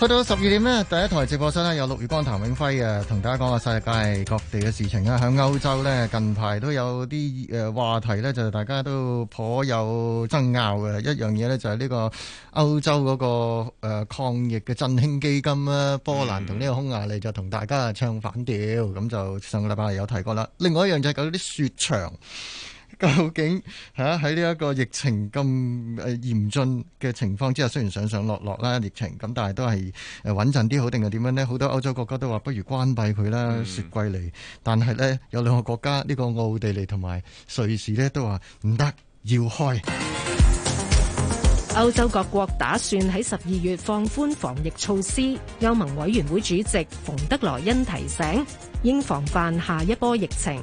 去到十二點呢，第一台直播室有陸月光譚永輝啊，同大家講下世界各地嘅事情啦。喺歐洲呢，近排都有啲誒話題呢，就大家都頗有爭拗嘅。一樣嘢呢就係呢個歐洲嗰個誒抗疫嘅振興基金啦。嗯、波蘭同呢個匈牙利就同大家唱反調，咁就上個禮拜有提過啦。另外一樣就係嗰啲雪場。究竟吓喺呢一個疫情咁嚴峻嘅情況之下，雖然上上落落啦，疫情咁，但係都係誒穩陣啲好定係點樣呢？好多歐洲國家都話不如關閉佢啦，嗯、雪櫃嚟，但係呢，有兩個國家，呢、這個奧地利同埋瑞士呢，都話唔得，要開。歐洲各國打算喺十二月放寬防疫措施。歐盟委員會主席馮德萊恩提醒，應防範下一波疫情。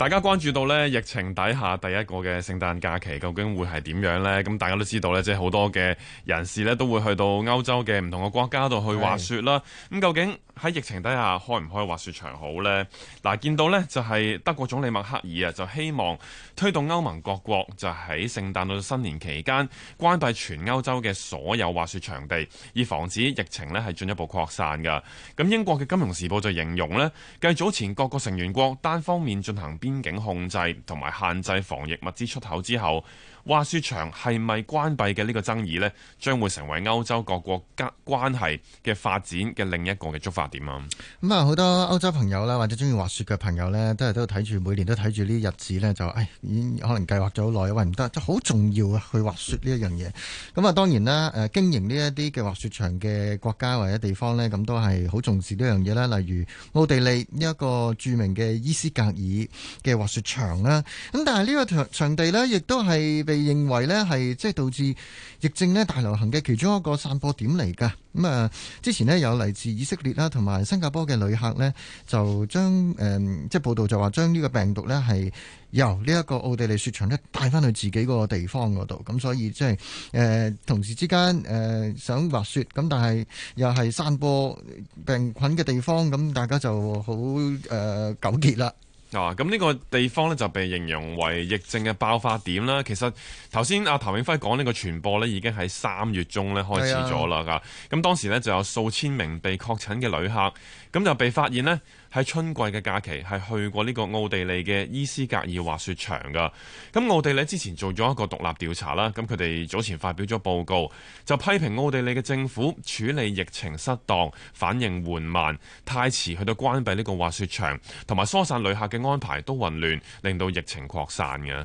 大家關注到呢疫情底下第一個嘅聖誕假期究竟會係點樣呢？咁大家都知道呢即係好多嘅人士呢都會去到歐洲嘅唔同嘅國家度去滑雪啦。咁對究竟喺疫情底下開唔開滑雪場好呢？嗱，見到呢就係德國總理默克爾啊，就希望推動歐盟各國就喺聖誕到新年期間關閉全歐洲嘅所有滑雪場地，以防止疫情呢係進一步擴散㗎。咁英國嘅金融時報就形容呢，繼早前各個成員國單方面進行邊境控制同埋限制防疫物資出口之後。滑雪場係咪關閉嘅呢個爭議呢，將會成為歐洲各國家關係嘅發展嘅另一個嘅觸發點啊！咁啊，好多歐洲朋友啦，或者中意滑雪嘅朋友呢，都係都睇住每年都睇住呢啲日子呢，就唉，已經可能計劃咗好耐，因唔得，就好重要啊！去滑雪呢一樣嘢。咁啊，當然啦，誒，經營呢一啲嘅滑雪場嘅國家或者地方呢，咁都係好重視呢樣嘢啦。例如奧地利呢一個著名嘅伊斯格爾嘅滑雪場啦，咁但係呢個場場地呢，亦都係。被認為呢係即係導致疫症咧大流行嘅其中一個散播點嚟㗎。咁啊，之前咧有嚟自以色列啦同埋新加坡嘅旅客呢，就將誒、呃、即係報道就話將呢個病毒呢係由呢一個奧地利雪場咧帶翻去自己個地方嗰度。咁所以即係誒同時之間誒、呃、想滑雪，咁但係又係散播病菌嘅地方，咁大家就好誒、呃、糾結啦。嗱，咁呢、啊、個地方咧就被形容為疫症嘅爆發點啦。其實頭先阿譚永輝講呢個傳播咧已經喺三月中咧開始咗啦。嚇是、啊啊！咁當時咧就有數千名被確診嘅旅客。咁就被發現呢，喺春季嘅假期係去過呢個奧地利嘅伊斯格爾滑雪場㗎。咁奧地利之前做咗一個獨立調查啦，咁佢哋早前發表咗報告，就批評奧地利嘅政府處理疫情失當，反應緩慢，太遲去到關閉呢個滑雪場，同埋疏散旅客嘅安排都混亂，令到疫情擴散嘅。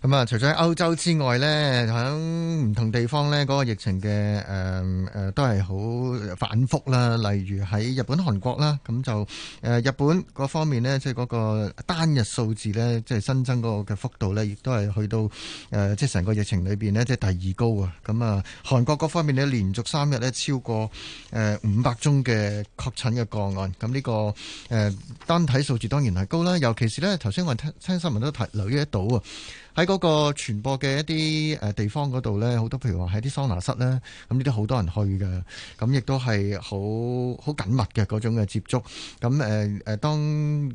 咁啊，除咗喺歐洲之外呢，喺唔同地方呢，嗰、嗰個疫情嘅、呃呃、都係好反覆啦。例如喺日本、韓國啦，咁就誒日本嗰方面呢，即係嗰個單日數字呢，即係新增嗰個嘅幅度呢，亦都係去到誒，即係成個疫情裏邊呢，即係第二高啊！咁啊，韓國各方面呢，連續三日呢，超過誒五百宗嘅確診嘅個案，咁呢個誒單體數字當然係高啦，尤其是呢，頭先我聽新聞都睇留意得到啊！喺嗰個傳播嘅一啲誒地方嗰度咧，好多譬如話喺啲桑拿室咧，咁呢啲好多人去嘅，咁亦都係好好緊密嘅嗰種嘅接觸。咁誒誒，當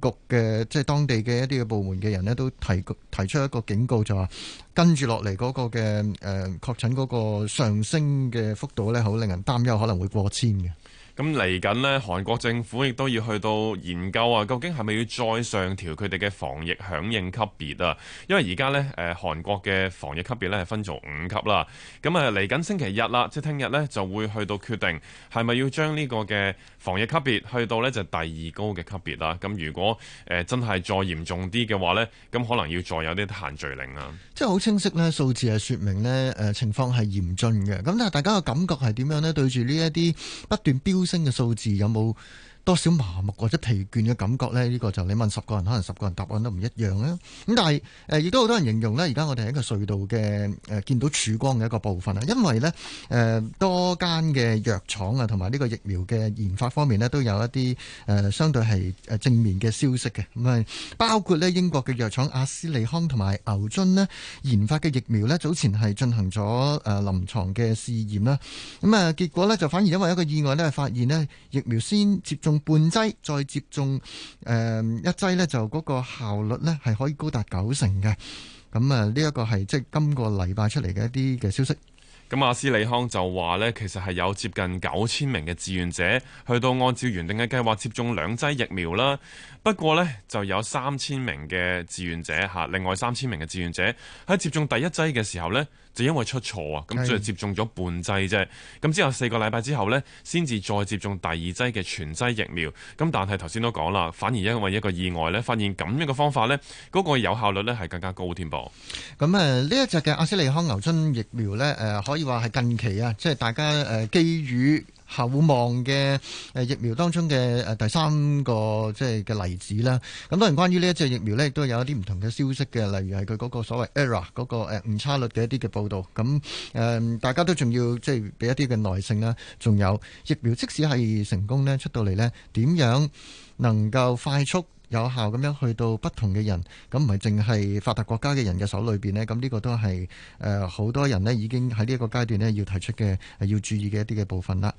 局嘅即係當地嘅一啲嘅部門嘅人呢，都提提出一個警告，就話跟住落嚟嗰個嘅誒、呃、確診嗰個上升嘅幅度咧，好令人擔憂，可能會過千嘅。咁嚟緊呢，韓國政府亦都要去到研究啊，究竟係咪要再上調佢哋嘅防疫響應級別啊？因為而家呢，誒、呃、韓國嘅防疫級別呢係分做五級啦。咁嚟緊星期日啦，即係聽日呢，就會去到決定係咪要將呢個嘅防疫級別去到呢就是、第二高嘅級別啦、啊。咁如果、呃、真係再嚴重啲嘅話呢，咁可能要再有啲限聚令啊。即係好清晰呢，數字係說明呢、呃、情況係嚴峻嘅。咁但係大家嘅感覺係點樣呢？對住呢一啲不斷飆升嘅數字有冇？多少麻木或者疲倦嘅感覺咧？呢個就你問十個人，可能十個人答案都唔一樣啦。咁但係誒，亦都好多人形容咧，而家我哋喺個隧道嘅誒，見到曙光嘅一個部分啊。因為咧誒，多間嘅藥廠啊，同埋呢個疫苗嘅研發方面咧，都有一啲誒，相對係誒正面嘅消息嘅。咁啊，包括咧英國嘅藥廠阿斯利康同埋牛津咧研發嘅疫苗咧，早前係進行咗誒臨牀嘅試驗啦。咁啊，結果咧就反而因為一個意外咧，發現咧疫苗先接種，半劑再接種，誒、呃、一劑呢，就嗰個效率呢係可以高達九成嘅。咁、嗯、啊，呢一個係即係今個禮拜出嚟嘅一啲嘅消息。咁、嗯、阿斯里康就話呢，其實係有接近九千名嘅志願者去到按照原定嘅計劃接種兩劑疫苗啦。不過呢，就有三千名嘅志願者吓，另外三千名嘅志願者喺接種第一劑嘅時候呢。就因為出錯啊，咁就接種咗半劑啫。咁是之後四個禮拜之後呢，先至再接種第二劑嘅全劑疫苗。咁但係頭先都講啦，反而因為一個意外呢，發現咁樣嘅方法呢，嗰個有效率呢係更加高添噃。咁呢、呃、一隻嘅阿斯利康牛津疫苗呢、呃，可以話係近期啊，即係大家誒、呃、基於厚望嘅誒疫苗當中嘅誒第三個即係嘅例子啦。咁當然關於呢一隻疫苗呢，亦都有一啲唔同嘅消息嘅，例如係佢嗰個所謂 error 嗰個誒誤差率嘅一啲嘅報導。咁誒，大家都仲要即係俾一啲嘅耐性啦。仲有疫苗即使係成功呢，出到嚟呢，點樣能夠快速有效咁樣去到不同嘅人，咁唔係淨係發達國家嘅人嘅手裏邊咧，咁呢個都係誒好多人咧已經喺呢一個階段咧要提出嘅，係、呃、要注意嘅一啲嘅部分啦。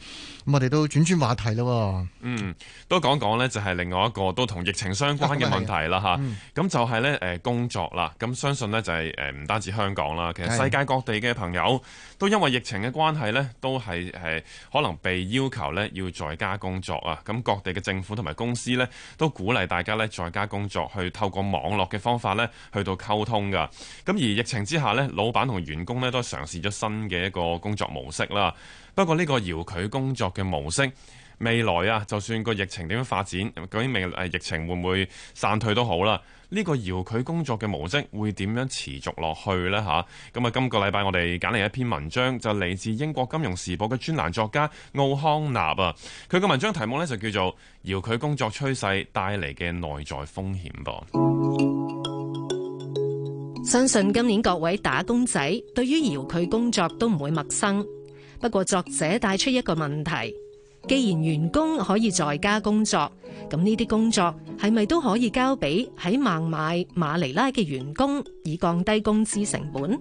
咁我哋都轉轉話題咯、哦。嗯，都講講咧，就係、是、另外一個都同疫情相關嘅問題啦，吓、啊。咁就係咧誒工作啦。咁相信咧就係誒唔單止香港啦，其實世界各地嘅朋友都因為疫情嘅關係咧，都係係可能被要求咧要在家工作啊。咁各地嘅政府同埋公司咧都鼓勵大家咧。在家工作，去透過網絡嘅方法咧，去到溝通噶。咁而疫情之下呢，老闆同員工呢都嘗試咗新嘅一個工作模式啦。不過呢個遙距工作嘅模式。未來啊，就算個疫情點樣發展，究竟未疫情會唔會散退都好啦，呢個遙距工作嘅模式會點樣持續落去呢？嚇咁啊！今個禮拜我哋揀嚟一篇文章，就嚟自英國金融時報嘅專欄作家奧康納啊。佢嘅文章題目呢，就叫做《遙距工作趨勢帶嚟嘅內在風險》噃。相信今年各位打工仔對於遙距工作都唔會陌生，不過作者帶出一個問題。既然員工可以在家工作，咁呢啲工作係咪都可以交俾喺孟買、馬尼拉嘅員工，以降低工資成本？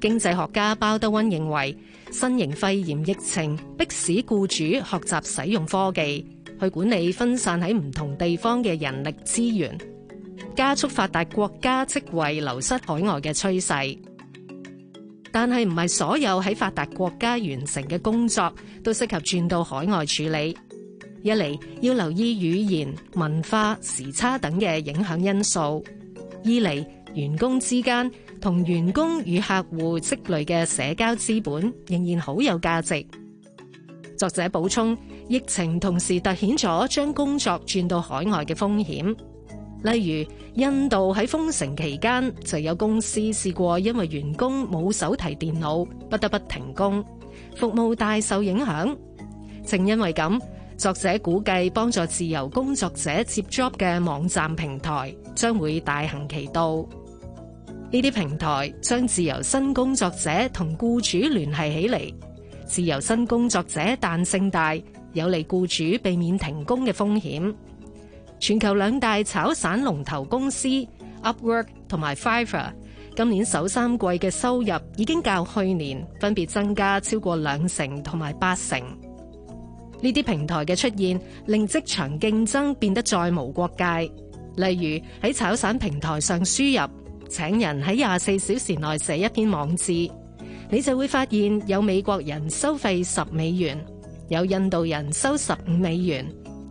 經濟學家包德溫認為，新型肺炎疫情迫使僱主學習使用科技去管理分散喺唔同地方嘅人力資源，加速發達國家職位流失海外嘅趨勢。但係唔係所有喺發達國家完成嘅工作都適合轉到海外處理？一嚟要留意語言、文化、時差等嘅影響因素；二嚟員工之間同員工與客戶積累嘅社交資本仍然好有價值。作者補充：疫情同時突顯咗將工作轉到海外嘅風險。例如，印度喺封城期間，就有公司試過因為員工冇手提電腦，不得不停工，服務大受影響。正因為咁，作者估計幫助自由工作者接 job 嘅網站平台將會大行其道。呢啲平台將自由身工作者同僱主聯繫起嚟，自由身工作者彈性大，有利僱主避免停工嘅風險。全球兩大炒散龍頭公司 Upwork 同埋 Fiverr 今年首三季嘅收入已經較去年分別增加超過兩成同埋八成。呢啲平台嘅出現，令職場競爭變得再無國界。例如喺炒散平台上，輸入請人喺廿四小時內寫一篇網誌，你就會發現有美國人收費十美元，有印度人收十五美元。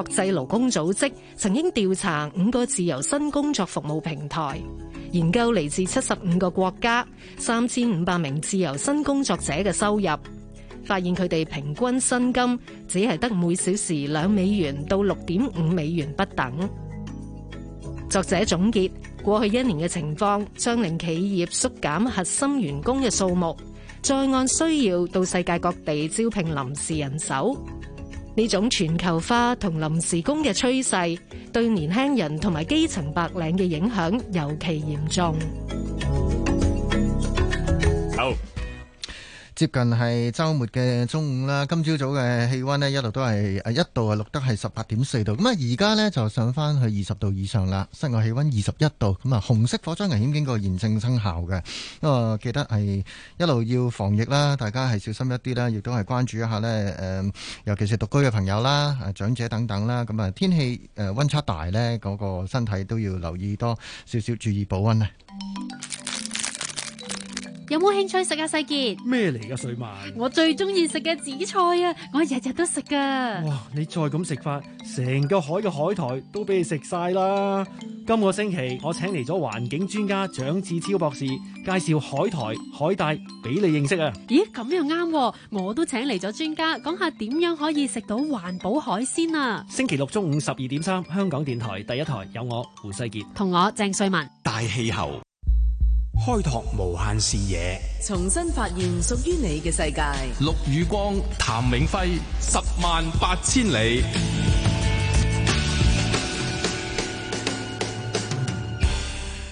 國際勞工組織曾經調查五個自由身工作服務平台，研究嚟自七十五個國家三千五百名自由身工作者嘅收入，發現佢哋平均薪金只係得每小時兩美元到六點五美元不等。作者總結過去一年嘅情況，將令企業縮減核心員工嘅數目，再按需要到世界各地招聘臨時人手。呢種全球化同臨時工嘅趨勢，對年輕人同埋基層白領嘅影響尤其嚴重。接近係週末嘅中午啦，今朝早嘅氣温咧，一路都係誒一度啊，錄得係十八點四度。咁啊，而家咧就上返去二十度以上啦。室外氣温二十一度。咁啊，紅色火災危險經過現正生效嘅。啊，記得係一路要防疫啦，大家係小心一啲啦，亦都係關注一下咧。誒，尤其是獨居嘅朋友啦、長者等等啦。咁啊，天氣誒温差大咧，嗰個身體都要留意多少少注意保溫啊。有冇興趣食啊，世杰？咩嚟噶，萃雯？我最中意食嘅紫菜啊，我日日都食噶。哇！你再咁食法，成個海嘅海苔都俾你食晒啦。今個星期我請嚟咗環境專家蔣志超博士介紹海苔、海帶俾你認識啊。咦？咁又啱，我都請嚟咗專家講下點樣可以食到環保海鮮啊。星期六中午十二點三，香港電台第一台有我胡世杰同我鄭萃雯大氣候。開拓無限視野，重新發現屬於你嘅世界。陸宇光、譚永輝，十萬八千里。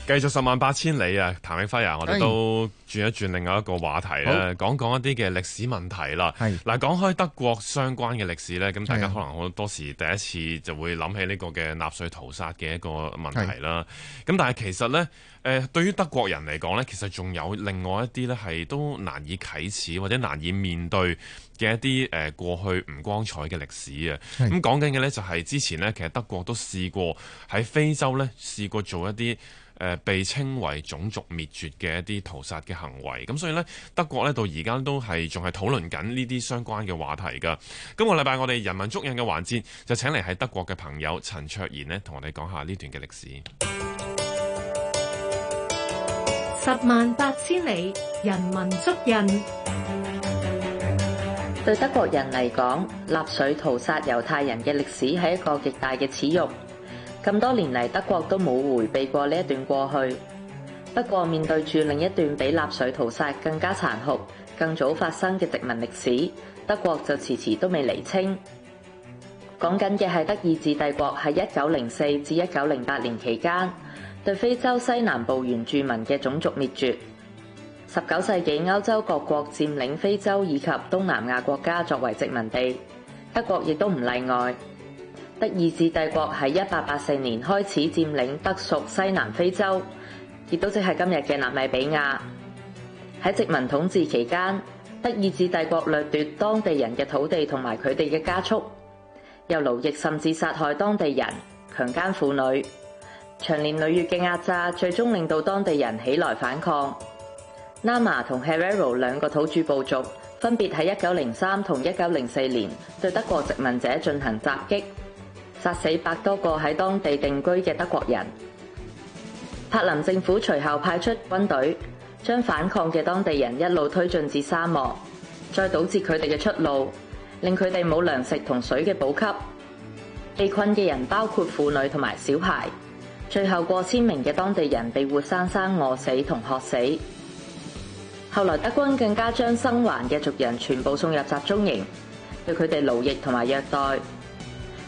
繼續十萬八千里啊，譚永輝啊，我哋都轉一轉另外一個話題咧，哎、講講一啲嘅歷史問題啦。係嗱是，講開德國相關嘅歷史呢，咁大家可能好多時第一次就會諗起呢個嘅納粹屠殺嘅一個問題啦。咁是但係其實呢，誒、呃，對於德國人嚟講呢，其實仲有另外一啲呢，係都難以啟齒或者難以面對嘅一啲誒、呃、過去唔光彩嘅歷史啊。咁講緊嘅呢，就係、是、之前呢，其實德國都試過喺非洲呢，試過做一啲。誒、呃，被稱為種族滅絕嘅一啲屠殺嘅行為，咁所以呢，德國呢到而家都係仲係討論緊呢啲相關嘅話題噶。今個禮拜我哋人文足印嘅環節，就請嚟喺德國嘅朋友陳卓妍呢，同我哋講下呢段嘅歷史。十萬八千里，人文足印，對德國人嚟講，納粹屠殺猶太人嘅歷史係一個極大嘅恥辱。咁多年嚟，德國都冇回避過呢一段過去。不過面對住另一段比納粹屠殺更加殘酷、更早發生嘅殖民歷史，德國就遲遲都未厘清。講緊嘅係德意志帝國喺一九零四至一九零八年期間對非洲西南部原住民嘅種族滅絕。十九世紀歐洲各國佔領非洲以及東南亞國家作為殖民地，德國亦都唔例外。德意志帝國喺一八八四年開始佔領德屬西南非洲，亦都即係今日嘅納米比亞。喺殖民統治期間，德意志帝國掠奪當地人嘅土地同埋佢哋嘅家畜，又勞役甚至殺害當地人，強姦婦女，長年累月嘅壓榨，最終令到當地人起來反抗。NAMA 同 Herero 兩個土著部族分別喺一九零三同一九零四年對德國殖民者進行襲擊。殺死百多個喺當地定居嘅德國人。柏林政府隨後派出軍隊，將反抗嘅當地人一路推進至沙漠，再堵截佢哋嘅出路，令佢哋冇糧食同水嘅補給。被困嘅人包括婦女同埋小孩。最後過千名嘅當地人被活生生餓死同渴死。後來德軍更加將生還嘅族人全部送入集中營，對佢哋勞役同埋虐待。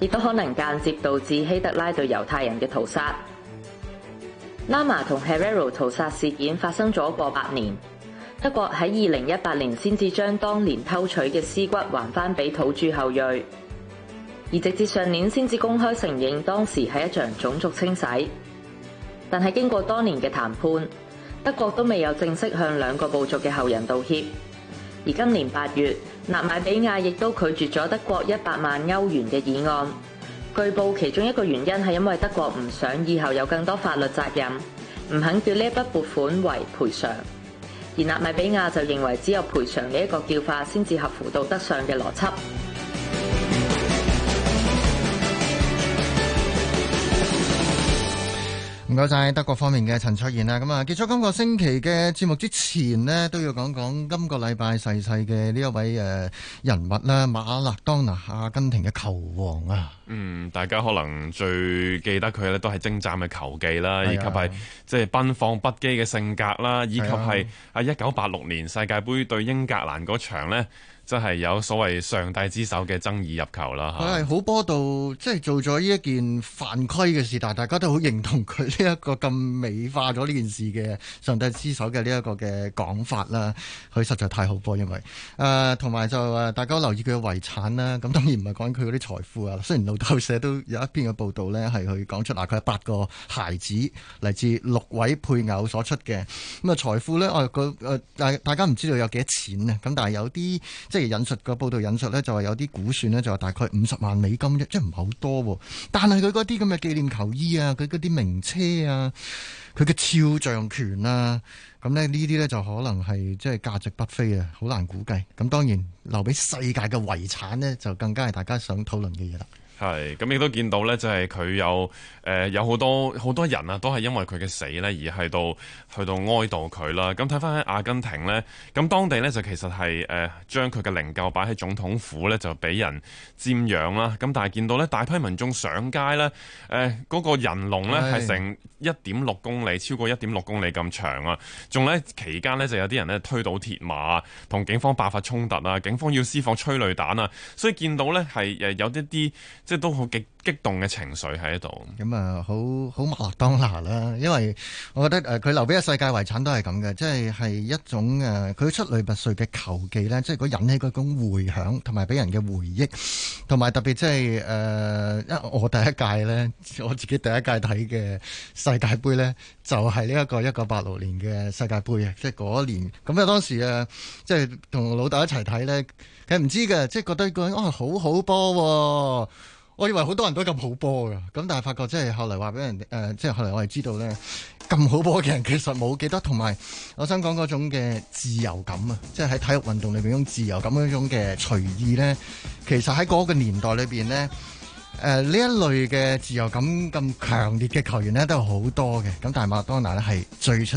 亦都可能間接導致希特拉對猶太人嘅屠殺。拉馬同 Herero 屠殺事件發生咗過百年，德國喺二零一八年先至將當年偷取嘅屍骨還翻俾土著後裔，而直至上年先至公開承認當時係一場種族清洗。但係經過多年嘅談判，德國都未有正式向兩個部族嘅後人道歉。而今年八月，納米比亞亦都拒絕咗德國一百萬歐元嘅議案。據報其中一個原因係因為德國唔想以後有更多法律責任，唔肯叫呢一筆撥款為賠償。而納米比亞就認為只有賠償呢一個叫法先至合乎道德上嘅邏輯。唔該晒，謝謝德國方面嘅陳卓妍啦，咁啊，結束今個星期嘅節目之前呢，都要講講今個禮拜逝世嘅呢一位誒、呃、人物啦，馬勒當拿，阿根廷嘅球王啊！嗯，大家可能最記得佢咧，都係精湛嘅球技啦，是啊、以及係即係奔放不羈嘅性格啦，以及係喺一九八六年世界盃對英格蘭嗰場咧。真係有所謂上帝之手嘅爭議入球啦，佢係好波道，即係做咗呢一件犯規嘅事，但係大家都好認同佢呢一個咁美化咗呢件事嘅上帝之手嘅呢一個嘅講法啦。佢實在太好波，因為誒同埋就是、大家留意佢嘅遺產啦。咁當然唔係講佢嗰啲財富啊。雖然路透社都有一篇嘅報道咧，係去講出大概八個孩子嚟自六位配偶所出嘅。咁啊財富咧，我個大大家唔知道有幾多錢啊。咁但係有啲即即係引述個報道引述咧，就話有啲估算咧，就話大概五十萬美金啫，即係唔係好多喎。但係佢嗰啲咁嘅紀念球衣啊，佢嗰啲名車啊，佢嘅肖像權啊，咁咧呢啲咧就可能係即係價值不菲啊，好難估計。咁當然留俾世界嘅遺產咧，就更加係大家想討論嘅嘢啦。係，咁亦都見到呢，就係、是、佢有誒、呃、有好多好多人啊，都係因為佢嘅死呢，而係到去到哀悼佢啦。咁睇返喺阿根廷呢，咁當地呢，就其實係誒將佢嘅靈柩擺喺總統府呢，就俾人瞻仰啦。咁但係見到呢，大批民眾上街呢，誒、呃、嗰、那個人龍呢係成一點六公里，超過一點六公里咁長啊！仲呢，期間呢就有啲人呢推倒鐵馬，同警方爆發衝突啊！警方要施放催淚彈啊！所以見到呢，係有一啲。即係都好激激動嘅情緒喺度。咁啊、嗯，好好馬勒當拿啦，因為我覺得誒佢、呃、留俾嘅世界遺產都係咁嘅，即係係一種誒佢、呃、出類拔萃嘅球技咧，即係如引起嗰種迴響同埋俾人嘅回憶，同埋特別即係誒我第一屆咧，我自己第一屆睇嘅世界盃咧，就係呢一個一九八六年嘅世界盃啊！即係嗰年咁啊，當時啊，即係同老豆一齊睇咧，佢唔知嘅，即係覺得嗰、哦、好好波、哦。我以為好多人都咁好波㗎，咁但係發覺即係後嚟話俾人誒，即、呃、係、就是、後嚟我係知道咧，咁好波嘅人其實冇記得。同埋我想講嗰種嘅自由感啊，即係喺體育運動裏面嗰種自由感嗰種嘅隨意咧，其實喺嗰個年代裏面咧，誒、呃、呢一類嘅自由感咁強烈嘅球員咧都有好多嘅，咁但係馬勒當拿咧係最出色。